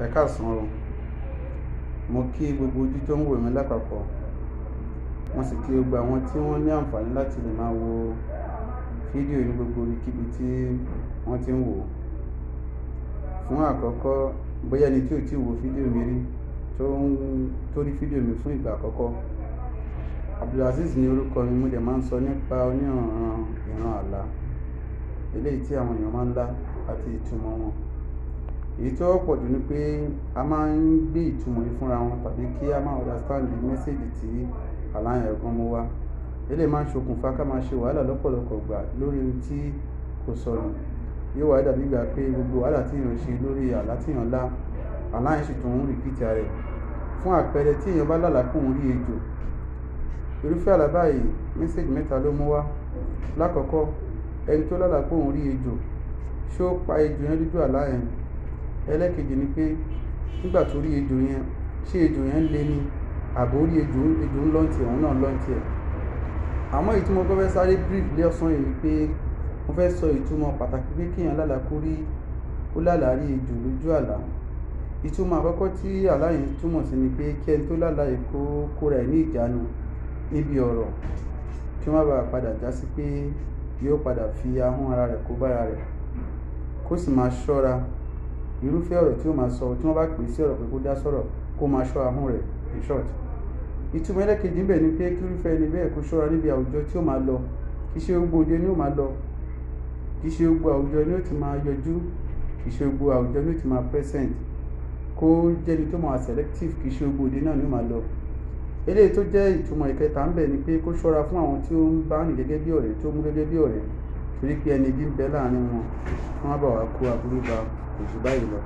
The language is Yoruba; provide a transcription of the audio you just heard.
ẹ káàsán o mo kí gbogbo ojú tó ń wò mí lápapọ̀ mo sì kí gbogbo àwọn tí wọ́n ní àǹfààní láti lè máa wo fídíò ní gbogbo ibikíbi tí wọ́n ti ń wò fún àkọ́kọ́ bóyá ẹni tí ò tí ì wo fídíò mi rí tó ń torí fídíò mi fún ìgbà àkọ́kọ́ Abdulaziz ní orúkọ mi mo dẹ̀ máa ń sọ nípa onírànran ìran àlá eléyìí tí àwọn èèyàn máa ń lá àti ìtumọ̀ wọn èyí tó wọ́pọ̀ jù ni pé a máa ń gbé ìtumọ̀ yìí fúnra wọn tàbí kí a máa understand the message tí àlàyé ẹ̀gbọ́n mú wá eléyìí máa ń ṣokùnfà ká máa ṣe wàhálà lọ́pọ̀lọpọ̀ gbà lórí ohun tí kò sọnù yóò wá dàbí gbà pé gbogbo wàhálà tí èèyàn ṣe lórí àlá tí èèyàn lá àlá yẹn sì tún ń rìpítì rẹ̀ fún àpẹẹrẹ tí èèyàn bá lálàá kó ń rí ejò irúfẹ́ àlá báyìí mẹ́ta ló mú wá lákọ̀ọ́kọ́ ẹni tó lálàá rí ejò ṣó pa ejò yẹn dúdú àlá ẹlẹ́kejì ni pé nígbà tó rí ejò yẹn ṣé ejò yẹn ń le ni àbò rí ejò ejò ń lọ́ tiẹ̀ òun náà lọ́ tiẹ̀ àmọ́ èyí tí mo fẹ́ sáré brief lé ọ̀sán yìí ni pé mo fẹ́ sọ ìtumọ̀ pàtàkì pé kéèyàn lálà kó rí kó lálà rí ejò lójú àlá ìtumọ̀ àkọ́kọ́ tí àlá yẹn túmọ̀ sí ni pé kí ẹni tó lálà yìí kó kóra ẹ̀ ní ìjánu níbi ọ̀rọ̀ kí wọ́n bá padà já sí pé yóò padà fi ahọ́n ara rẹ̀ kó bára rẹ̀ kó sì máa ṣọ́ra irúfẹ́ ọ̀rọ̀ tí ó máa sọ tí wọ́n bá pè sí ọ̀rọ̀ pé kó dá sọ̀rọ̀ kó máa ṣọ́ ahọ́n rẹ̀ in short. ìtumọ̀ ẹlẹ́kejì bẹ̀ ni pé kí irúfẹ́ ẹni bẹ́ẹ̀ kó ṣọ́ra níbi àwùjọ tí ó máa lọ kì í ṣe gbogbo òde ni ó máa lọ kì í ṣe gbogbo àwùjọ ni ó ti máa yọjú kì í ṣe gbogbo àwùjọ ni ó ti máa present kó jẹ́ni tó máa selective kì í ṣe gbogbo òde náà ni ó máa lọ eléyìí tó jẹ́ ìtumọ̀ ìkẹta ń bẹ̀ ni pé kó ṣọ́ra fún àwọn tí ó ń bá ní gẹ́gẹ́ bí ọ̀rẹ́ tó mú gẹ́gẹ́ bí ọ̀rẹ́ torí pé ẹni bí ń bẹ láàrin wọn kí bá wá kó aburú bá kò jù báyìí lọ